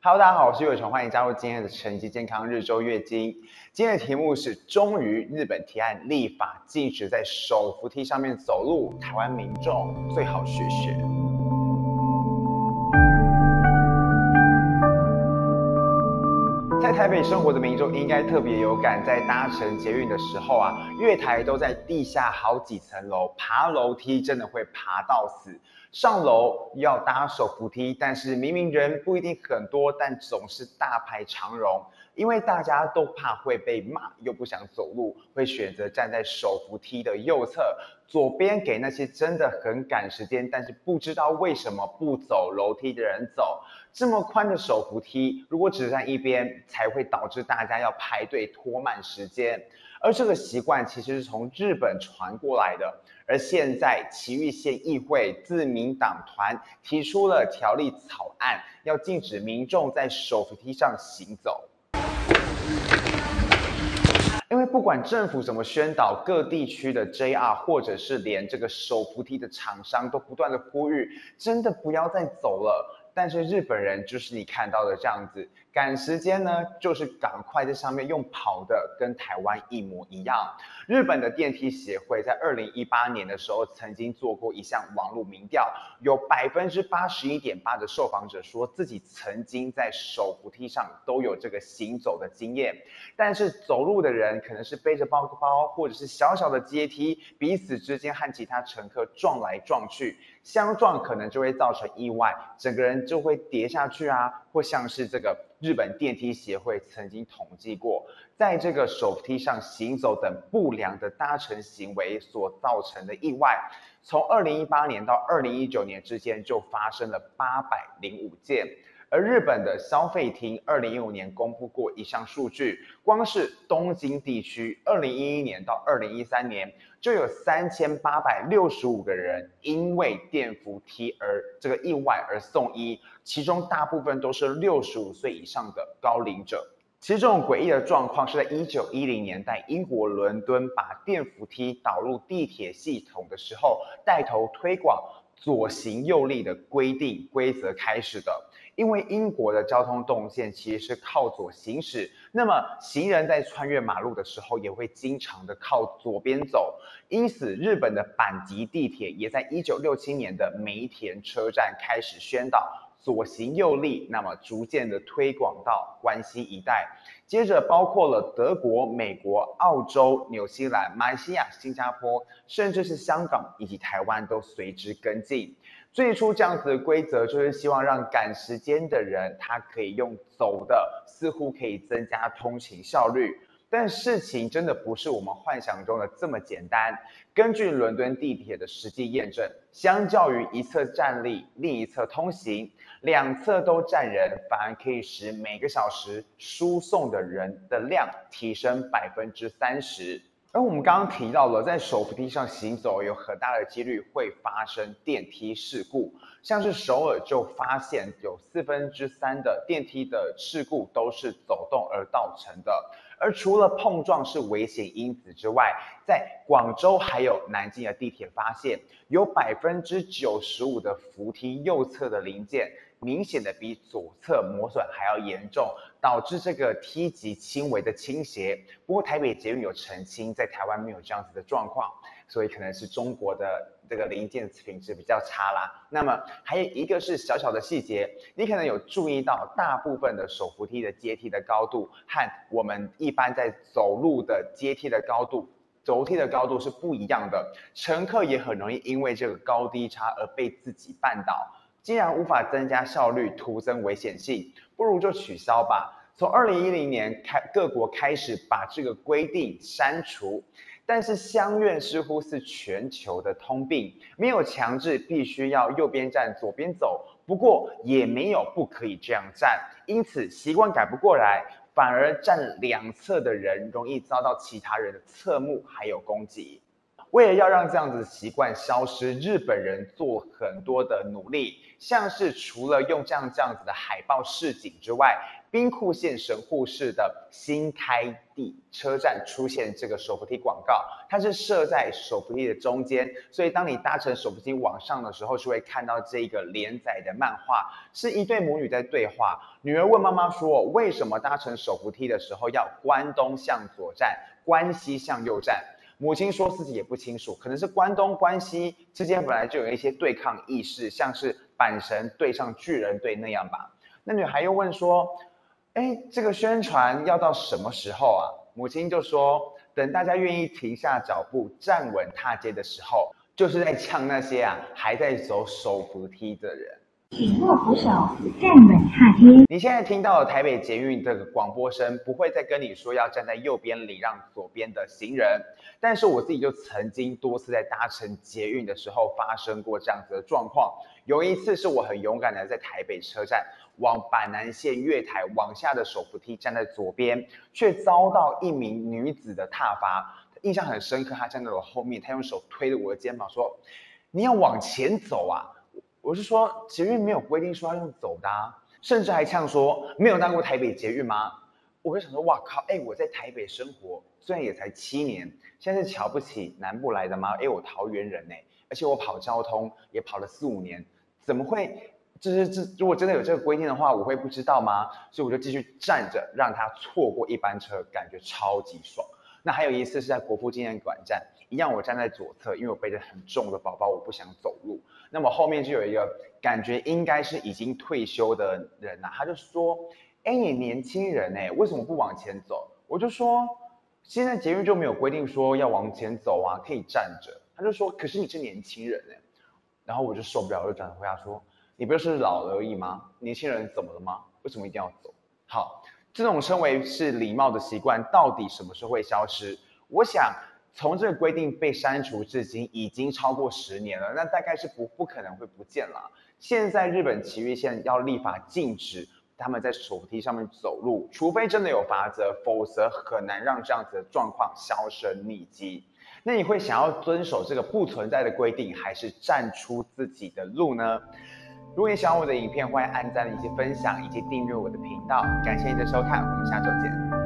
哈嘍，Hello, 大家好，我是偉成，歡迎加入今天的晨曦健康日周月經。今天的題目是：終於，日本提案立法禁止在手扶梯上面走路，台灣民眾最好學學。台北生活的民眾應該特別有感，在搭乘捷運的時候啊，月台都在地下好幾層樓，爬樓梯真的會爬到死。上樓要搭手扶梯，但是明明人不一定很多，但總是大排長龍。因為大家都怕會被罵，又不想走路，會選擇站在手扶梯的右側，左邊給那些真的很趕時間，但是不知道為什麼不走樓梯的人走。這麼寬的手扶梯，如果只站一邊，才會導致大家要排隊拖慢時間。而這個習慣其實是從日本傳過來的。而現在，埼玉縣議會自民黨團提出了條例草案，要禁止民眾在手扶梯上行走。不管政府怎麼宣導，各地區的 JR 或者是連這個手扶梯的廠商都不斷的呼籲，真的不要再走了。但是日本人就是你看到的這樣子。趕時間呢，就是趕快在上面用跑的，跟台灣一模一樣。日本的電梯協會在二零一八年的時候曾經做過一項網絡民調，有百分之八十一點八的受訪者說自己曾經在手扶梯上都有這個行走的經驗。但是走路的人可能是背着包包或者是小小的階梯，彼此之間和其他乘客撞來撞去，相撞可能就會造成意外，整個人就會跌下去啊。或像是這個日本電梯協會曾經統計過，在這個手扶梯上行走等不良的搭乘行為所造成的意外，從二零一八年到二零一九年之間就發生了八百零五件。而日本的消費廳，二零一五年公布過一項數據，光是東京地區，二零一一年到二零一三年，就有三千八百六十五個人因為電扶梯而這個意外而送醫，其中大部分都是六十五歲以上的高齡者。其實這種詭異的狀況，是在一九一零年代英國倫敦把電扶梯導入地鐵系統的時候，帶頭推廣左行右立的規定規則開始的。因為英國的交通動線其實是靠左行駛，那麼行人在穿越馬路的時候也會經常的靠左邊走，因此日本的阪急地鐵也在一九六七年的梅田車站開始宣導左行右立，那麼逐漸的推廣到關西一帶，接着包括了德國、美國、澳洲、紐西蘭、馬來西亞、新加坡，甚至是香港以及台灣都隨之跟進。最初這樣子的規則，就是希望讓趕時間的人，他可以用走的，似乎可以增加通勤效率。但事情真的不是我們幻想中的這麼簡單。根據倫敦地鐵的實際驗證，相較於一側站立，另一側通行，兩側都站人，反而可以使每個小時輸送的人的量提升百分之三十。而我們剛剛提到了，在手扶梯上行走有很大的幾率會發生電梯事故，像是首爾就發現有四分之三的電梯的事故都是走動而造成的。而除了碰撞是危險因子之外，在廣州還有南京的地鐵發現有95，有百分之九十五的扶梯右側的零件，明顯的比左側磨損還要嚴重，導致這個梯級輕微的傾斜。不過台北捷運有澄清，在台灣沒有這樣子的狀況，所以可能是中國的這個零件品質比較差啦。那麼還有一個是小小的細節，你可能有注意到，大部分的手扶梯的階梯的高度和我們一般在走路的階梯的高度、樓梯的高度是不一樣的，乘客也很容易因為這個高低差而被自己絆倒。既然無法增加效率，徒增危險性，不如就取消吧。從二零一零年開，各國開始把這個規定刪除。但是鄉愿似乎是全球的通病，沒有強制必須要右邊站，左邊走。不過也沒有不可以這樣站，因此習慣改不過來，反而站兩側的人容易遭到其他人的側目還有攻擊。為了要讓這樣子的習慣消失，日本人做很多的努力，像是除了用這樣這樣子的海報示警之外，兵庫縣神戶市的新開地車站出現這個手扶梯廣告，它是設在手扶梯的中間，所以當你搭乘手扶梯往上的時候，就會看到這個連載的漫畫，是一對母女在對話，女兒問媽媽說，為什麼搭乘手扶梯的時候要關東向左站，關西向右站？母親說自己也不清楚，可能是關東關西之間本來就有一些對抗意識，像是阪神對上巨人隊那樣吧。那女孩又問說：“哎，這個宣傳要到什麼時候啊？”母親就說：“等大家願意停下腳步，站穩踏階的時候，就是在嗆那些啊，還在走手扶梯的人。”請握扶手，站穩踏階。你現在聽到了台北捷運的廣播聲，不會再跟你說要站在右邊禮讓左邊的行人。但是我自己就曾經多次在搭乘捷運的時候發生過這樣子的狀況。有一次是我很勇敢的在台北車站往板南線月台往下的手扶梯站在左邊，卻遭到一名女子的撻伐。印象很深刻。她站在我後面，她用手推着我的肩膀說：“你要往前走啊。”我是說，捷運沒有規定說要用走的、啊，甚至還嗆說，沒有當過台北捷運嗎？我會想說，哇靠，哎、欸，我在台北生活雖然也才七年，現在是瞧不起南部來的嗎？哎、欸，我桃園人哎、欸，而且我跑交通也跑了四五年，怎麼會？這、就是這如果真的有這個規定的話，我會不知道嗎？所以我就繼續站着，讓他錯過一班車，感覺超級爽。那還有一次是在國父紀念館站，一樣我站在左側，因為我背着很重的包包，我不想走路。那麼後面就有一個感覺應該是已經退休的人吶、啊，他就說：“哎、欸，你年輕人哎、欸，為什麼不往前走？”我就說：“現在捷運就沒有規定說要往前走啊，可以站着。”他就說：“可是你是年輕人哎、欸。”然後我就受不了，就轉頭回答說：“你不就是老了而已嗎？年輕人怎麼了嗎？為什麼一定要走？”好。這種稱為是禮貌的習慣到底什麼時候會消失？我想從這個規定被刪除至今已經超過十年了，那大概是不不可能會不見了。現在日本埼玉縣要立法禁止他們在手梯上面走路，除非真的有罰則，否則很難讓這樣子的狀況銷聲匿跡。那你會想要遵守這個不存在的規定，還是站出自己的路呢？如果你喜歡我的影片，歡迎按讚以及分享以及訂閱我的頻道。感謝你的收看，我們下週見。